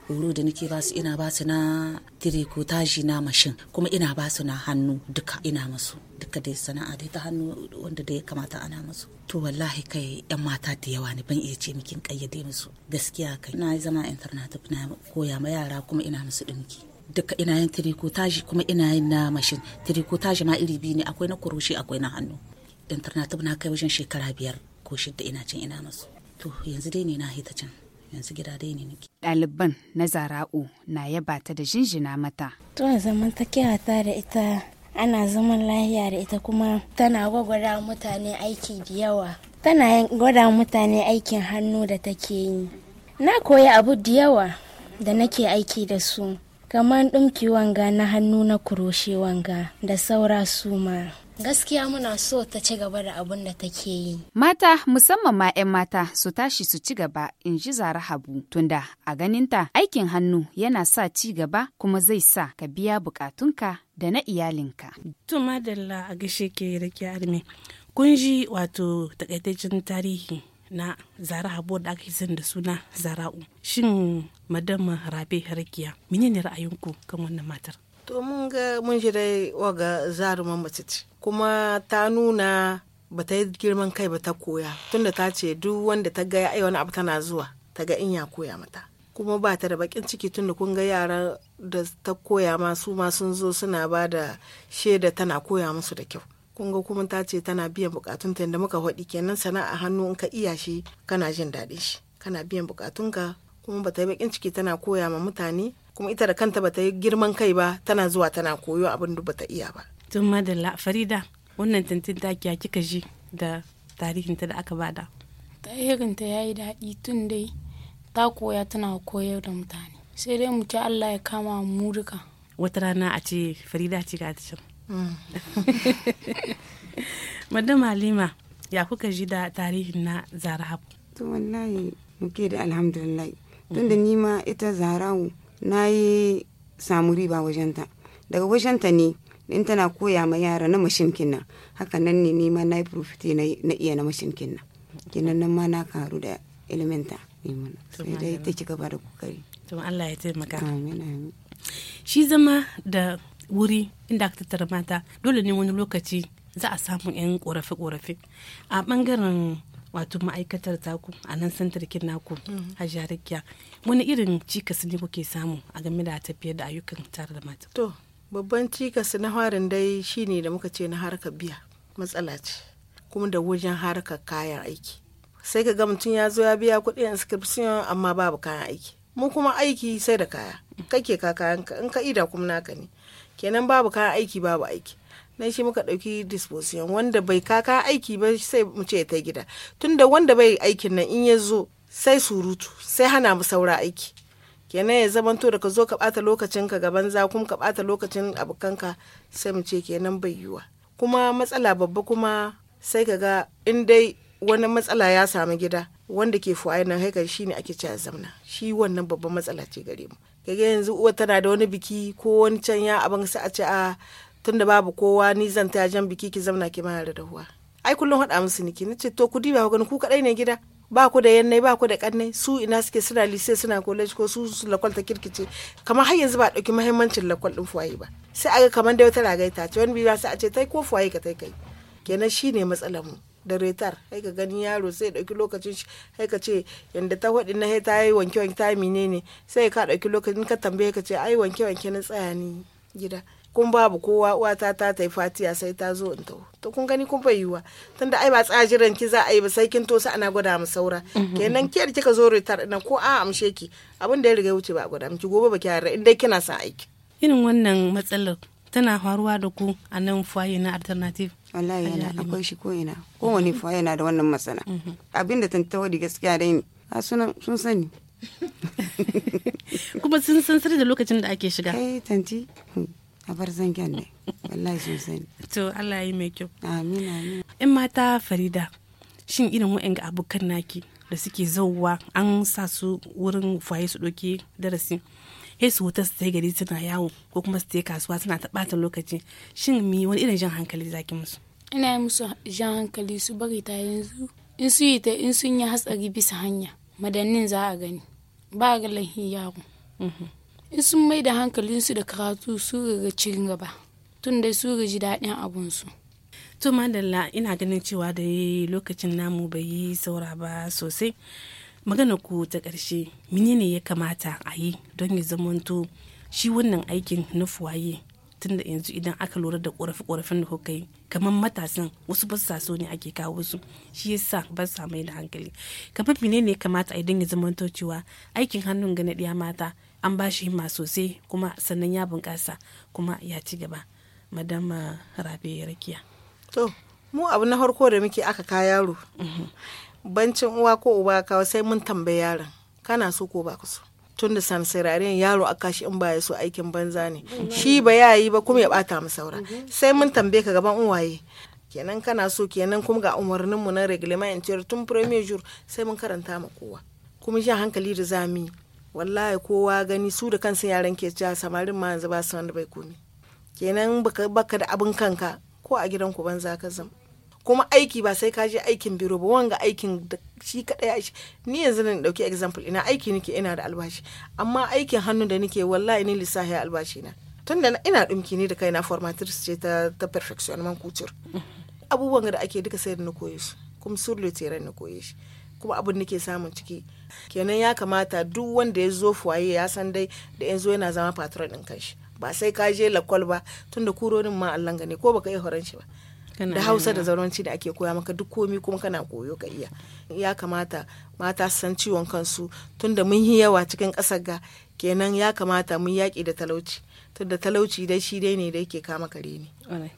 horo da nake basu ina basu na tirikotaji na mashin kuma ina basu na hannu duka ina masu duka dai sana'a dai ta hannu wanda da ya kamata ana masu to wallahi kai yan mata da yawa ne ban iya ce mikin kayyade musu gaskiya kai na zama internet na koya ma yara kuma ina musu dinki duka ina yin tirikotaji kuma ina yin na mashin tirikotaji ma iri biyu ne akwai na kuroshi akwai na hannu internet na kai wajen shekara biyar ko shidda ina cin ina masu to yanzu dai ne na hita can yanzu gida dai ne nake ɗaliban na zara'u na yaba ta da jinjina mata to zamantakewa ta da ita ana zaman lahiya da ita kuma tana gwagwada mutane aiki da yawa tana gwada mutane aikin hannu da take yi na koyi abu da yawa da nake aiki da su kamar ɗumki wanga na hannu na kuroshe wanga da saura su ma gaskiya muna so ta ci gaba da abin da take yi. Mata musamman ma 'yan mata su tashi su ci gaba in ji zara habu tunda a ganinta aikin hannu yana sa ci gaba kuma zai sa ka biya bukatunka da na iyalinka. To madalla a gashe ke rike arme. Kun ji wato takaitaccen tarihi na zara habu da aka yi da suna zara'u. Shin madama rabe rakiya menene ra'ayinku kan wannan matar? To mun ga mun shi dai waga zaruman mace ce. kuma ta nuna ba ta yi girman kai ba ta koya tunda ta ce duk wanda ta ga ai wani abu tana zuwa ta ga in ya koya mata kuma ba ta da bakin ciki tunda kun ga yaran da ta koya ma su ma sun zo suna ba da shaida tana koya musu da kyau kun ga kuma ta ce tana biyan bukatun ta inda muka faɗi kenan sana'a hannu in ka iya shi kana jin daɗin shi kana biyan bukatunka kuma ba ta yi bakin ciki tana koya ma mutane kuma ita da kanta ba ta yi girman kai ba tana zuwa tana koyo abin da ba ta iya ba tun madalla farida wannan tantin kiya kika ji da tarihinta da aka bada tarihinta ta yayi daɗi tun dai ta koya tana koyar da mutane sai dai mu ci allah ya kama mu duka wata rana a ce farida ce ga ta mm. madam halima ya kuka ji da tarihin na zara to wallahi muke da alhamdulillah tun da ma ita zarawu na yi samu riba wajenta daga wajenta ne in tana koya ma yara na mashimkin nan haka nan ne nima na yi profiti na iya na mashimkin nan kinan nan ma na karu da elementa neman sai dai ta ci gaba da kokari to Allah ya taimaka amin amin shi zama da wuri inda aka tattara mata dole ne wani lokaci za a samu 'yan korafe-korafe a bangaren wato ma'aikatar taku a nan santar naku mm-hmm. a jarikiya wani irin cikas ne kuke samu a game da tafiyar da ayyukan tare da mata to babban cikas na harin dai shine da muka ce na harkar biya matsala ce kuma da wajen harkar kayan aiki sai ka ga mutum ya zo ya biya kuɗin inscription amma babu kayan aiki mu kuma aiki sai da kaya kake ka kayan ka in ka ida kuma naka ne kenan babu kayan aiki babu aiki nan shi muka ɗauki disposition wanda bai ka kaka aiki ba sai mu ce ta gida tunda wanda bai aikin nan in ya zo sai surutu sai hana mu saura aiki kenan ya zamanto da ka zo ka bata lokacin ka gaban za kuma ka bata lokacin abokanka sai mu ce kenan bai yiwa kuma matsala babba kuma sai ka ga in dai wani matsala ya samu gida wanda ke fuwa nan haika shi ne ake cewa zamna shi wannan babban matsala ce gare mu kaga yanzu uwa tana da wani biki ko wani can ya abin sai a ce a tunda babu kowa ni zan ta jan biki ki zamna ki mana da dahuwa ai kullum haɗa musu niki nace to ku diba ku gani ku kaɗai ne gida ba ku da yannai ba ku da kanne su ina suke suna lise suna college ko su su lakwal ta kirkice kamar har yanzu ba dauki muhimmancin lakwal din fuwaye ba sai aga kamar da wata ragaita ce wani biyu sai a ce tai ko fuwaye ka tai kai kenan shine matsalar mu da retar sai ka gani yaro sai dauki lokacin shi sai ka ce yanda ta hudin na ta yi wanke wanke ta menene sai ka dauki lokacin ka tambaye ka ce ai wanke wanke na tsaya ni gida kun babu kowa uwata ta ta fatiya sai ta zo in taho to kun gani kun bai yiwa tunda ai ba tsajiran ki za a yi ba sai kin tosa ana gwada mu saura mhm. kenan kiyar kika zo retar ina ko a amshe ki abin da ya riga wuce ba gwada miki gobe ba ki harra in kina sa aiki irin wannan matsalar tana faruwa da ku a nan fayi na alternative wallahi yana akwai shi ko ina wani mhm. fayi na da wannan masana mhm. abin da tun tawadi gaskiya dai ne a sunan sun sani kuma sun san sirri da lokacin da ake shiga eh tanti hmm. a zangen ne wallahi sosai to Allah yi mai kyau amin amin in mata farida shin irin wa'in ga abokan naki da suke zauwa an sa su wurin faye su doke darasi he su wuta su gari suna yawo ko kuma su kasuwa suna ta bata lokaci shin mi wani irin jan hankali zaki musu ina yi musu jan hankali su bari ta yanzu in su yi ta in sun yi hatsari bisa hanya madannin za a gani ba ga lahi yaro mhm. in sun mai da hankalinsu da karatu su ga cin gaba tun dai su ji daɗin abunsu to madalla ina ganin cewa da lokacin namu bai yi saura ba sosai magana ku ta ƙarshe menene ya kamata a yi don ya zamanto shi wannan aikin na fuwaye tun da yanzu idan aka lura da ƙorafi-ƙorafin da kuka yi kamar matasan wasu ba sa so ne ake kawo su shi sa ba sa mai da hankali kamar menene ya kamata a yi don ya zamanto cewa aikin hannun ga na mata an ba shi himma sosai kuma sannan ya bunƙasa kuma ya ci gaba madama uh, rabe rakiya to mu abu na harko da muke aka ka yaro mhm. bancin uwa ko uba kawo sai mun tambayi yaron kana so ko ba ku so tun da yaro a kashi in ba ya so aikin banza ne shi ba ya yi ba kuma ya bata mu saura mhm. sai mun tambaye ka gaban uwaye kenan kana so kenan kuma ga umarnin mu na reglement tun premier jour sai mun karanta ma kowa kuma shi hankali da zami wallahi kowa gani su da kansu yaran ke ja samarin ma yanzu ba su wanda bai komi kenan baka da abin kanka ko a gidan ku banza ka zama kuma aiki ba sai ka je aikin biro ba wanga aikin da shi kadai ni yanzu na dauki example ina aiki nake ina da albashi amma aikin hannu da nake wallahi ni lissahi albashi na tunda ina dumki ne da kaina su ce ta ta man kucur abubuwan da ake duka sai da na koye su kuma sur le na koye shi kuma abin nake samun ciki kenan ya kamata duk wanda ya zo fuwaye ya san dai da yanzu yana zama patron din kanshi ba sai ka je lakwal ba tunda kuronin ma Allah gane ko baka iya horon shi ba da hausa da zaronci da ake koya maka duk komi kuma kana koyo ka iya ya kamata mata su san ciwon kansu tunda mun yi yawa cikin ƙasar ga kenan ya kamata mun yaƙi da talauci tunda talauci dai shi dai ne da yake kama kare ne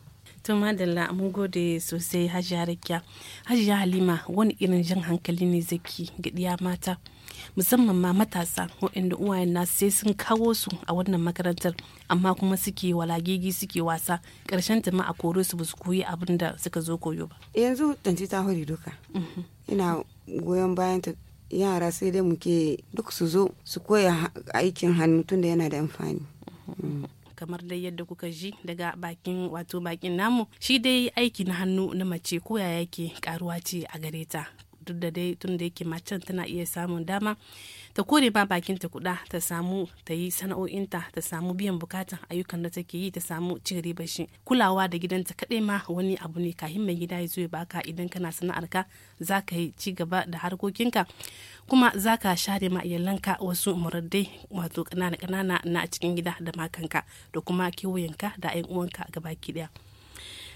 tun madalla mun gode sosai hajiya rakiya hajiya halima wani irin jan hankali ne zaki ga ɗiya mata musamman ma matasa waɗanda uwayen na sai sun kawo su a wannan makarantar amma kuma suke walagigi suke wasa ƙarshen ta ma a koro su basu koyi abin da suka zo koyo ba yanzu tanti ta hori duka mhm. ina goyon bayan ta yara sai dai muke duk su zo su koya aikin hannu tunda yana da amfani mhm. mm. kamar dai yadda kuka ji daga bakin wato bakin namu shi dai aiki na hannu na mace koya yake karuwa ce a gare ta duk da dai tun da yake macen tana iya samun dama ta kore ma bakin ta kuɗa ta samu ta yi sana'o'inta ta samu biyan bukatan ayyukan da take yi ta samu cin bashi kulawa da gidanta kaɗai ma wani abu ne kahin mai gida ya zo ya baka idan kana sana'arka za ka yi ci gaba da harkokinka kuma za ka share ma iyalanka wasu muradai wato ƙanana ƙanana na cikin gida da makanka da kuma kewayenka da 'yan uwanka gabaki ɗaya.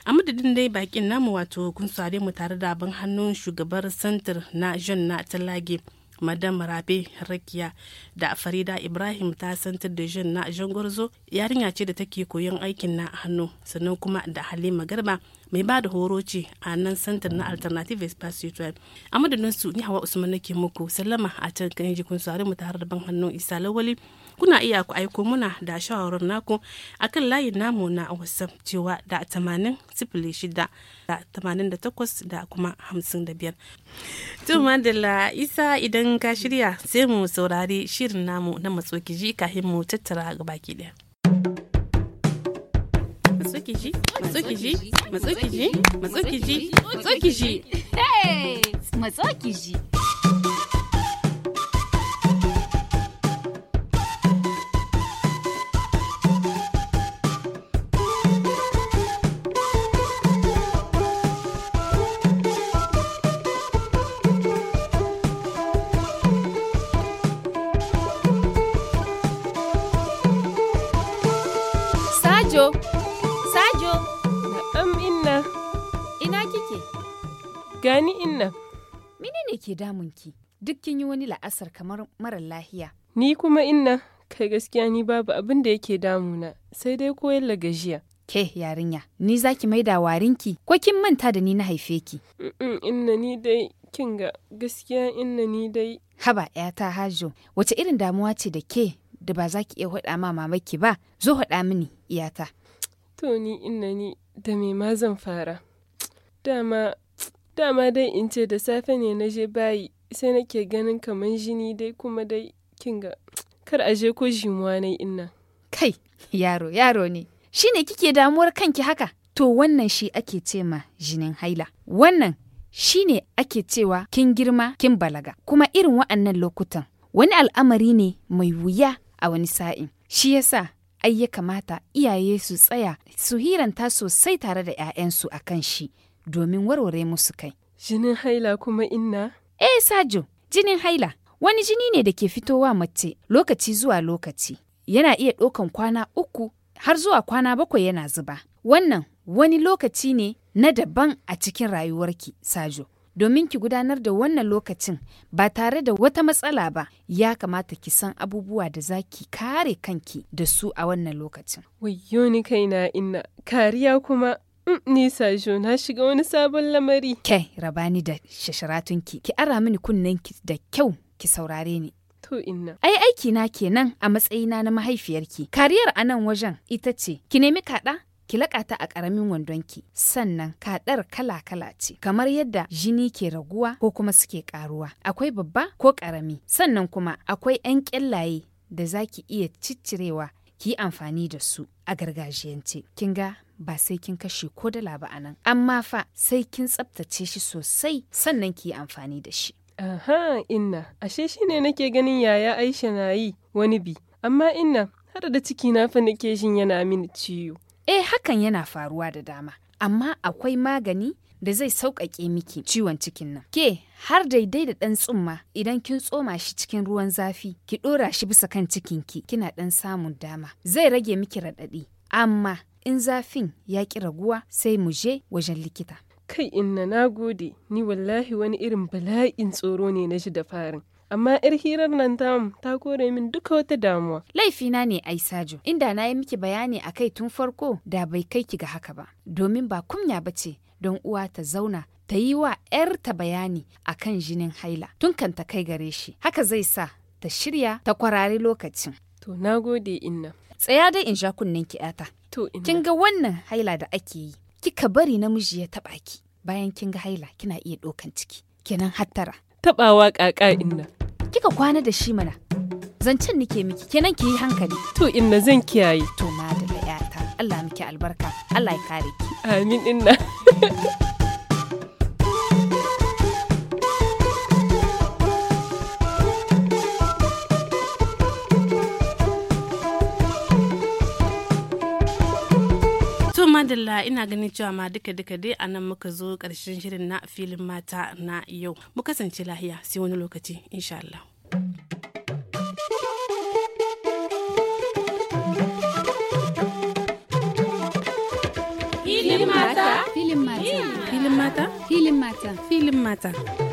a madadin dai bakin namu wato kun sare mu tare da abin hannun shugabar santar na john na talage madam rabe rakiya da farida ibrahim ta santar da john na john gwarzo yarinya ce da take koyon aikin na hannu sannan kuma da halima garba mai ba da horo ce a nan santar na alternative espace tribe a madadin su ni hawa usman nake muku sallama a can kan jikun sare mu tare da ban hannun isa lawali kuna iya ku aiko muna da shawarar naku akan layin namu na whatsapp cewa da tamanin sifili shida da tamanin da takwas da kuma hamsin da biyar. to madalla isa idan ka shirya sai mu saurari shirin namu na matsokiji kafin mu tattara baki ɗaya. Kiji, Kiji, Hey! Kiji. ke ki duk kin yi wani la'asar kamar marar lahiya ni kuma inna kai gaskiya ni babu abin da yake damuna sai dai koyar la gajiya ke yarinya ni zaki maida warinki ko kin manta da ni na haife ki inna ni dai kin ga gaskiya inna ni dai haba ta hajo wace irin damuwa ce da ke da ba za ki iya haɗa ma mamaki ba zo haɗa mini iyata to ni inna ni da me ma zan fara dama Dama dai in ce da safe ne na je bayi, sai nake ganin kamar jini dai kuma dai kinga kar a je ko jimuwa in inna. Kai, yaro, yaro ne. Shi ne kike damuwar kanki haka? To wannan shi ake ce ma jinin haila. Wannan shi ne ake cewa kin girma kin balaga. Kuma irin wa'annan lokutan wani al'amari ne mai wuya a wani sa'in. Shi yasa ai ya kamata iyaye su tsaya su hiranta sosai tare da 'ya'yansu a kan shi. domin warware musu kai. Jinin haila kuma inna? Eh Sajo, jinin haila wani jini ne da ke fitowa mace lokaci zuwa lokaci. Yana iya ɗaukan kwana uku har zuwa kwana bakwai yana zuba. Wannan wani lokaci ne na daban a cikin rayuwarki, Sajo. Domin ki gudanar da wannan lokacin ba tare da wata matsala ba, ya kamata ki san abubuwa da za ki kare kanki da su a wannan lokacin. Wayyo ni kaina inna, kariya kuma Mm, Nisa Jo, na shiga wani sabon lamari. Kai, rabani da shasharatunki, ki ara mini kunnenki da kyau ki saurare ni. To inna. Ai aiki na kenan a matsayina na mahaifiyarki. Kariyar a nan wajen ita ce, ki nemi kaɗa? Ki laƙata a ƙaramin wandonki, sannan kaɗar kala-kala ce, kamar yadda jini ke raguwa ko kuma suke ƙaruwa. Akwai babba ko ƙarami, sannan kuma akwai 'yan ƙyallaye da za ki iya ciccirewa ki yi amfani da su a gargajiyance. Kin ga ba sai kin kashe ko dala ba anan amma fa sai kin tsabtace shi sosai sannan ki yi amfani da shi aha inna ashe shi ne nake ganin yaya aisha na yi wani bi amma inna hada da ciki na fa nake shin yana mini ciwo eh hakan yana faruwa da dama amma akwai magani da zai sauƙaƙe miki ciwon cikin nan. Ke har daidai da ɗan tsumma idan kin tsoma shi cikin ruwan zafi, ki ɗora shi bisa kan cikinki, kina ɗan samun dama. Zai rage miki raɗaɗi, amma in zafin ya ƙi raguwa sai mu je wajen likita. Kai inna na gode, ni wallahi wani irin bala'in tsoro ne na shi da farin. Amma 'yar hirar nan tamu ta kore min duka wata damuwa. Laifina ne ai sajo, inda na yi miki bayani a kai tun farko da bai kai ki ga haka ba. Domin ba kunya ba ce don uwa ta zauna ta yi wa 'yarta bayani a kan jinin haila tun kan ta kai gare shi. Haka zai sa ta shirya ta kwarari lokacin. To na gode inna. Tsaya dai in sha kunnen ki 'yata. Kin ga wannan haila da ake yi. Kika bari namiji ya taba ki. Bayan kin ga haila kina iya ɗaukan ciki. Kenan hattara. Tabawa kaka inna. Kika kwana da shi mana. Zancen nike miki kenan ki yi hankali. To inna zan kiyaye. To da 'yata. Allah miki albarka. Allah ya kare ki. Amin inna. madalla ina ganin cewa ma duka duka dai a nan muka zo karshen shirin na filin mata na yau mu kasance lahiya sai wani lokaci insha Allah. Filin mata, filin mata, filin mata, filin mata, filin mata.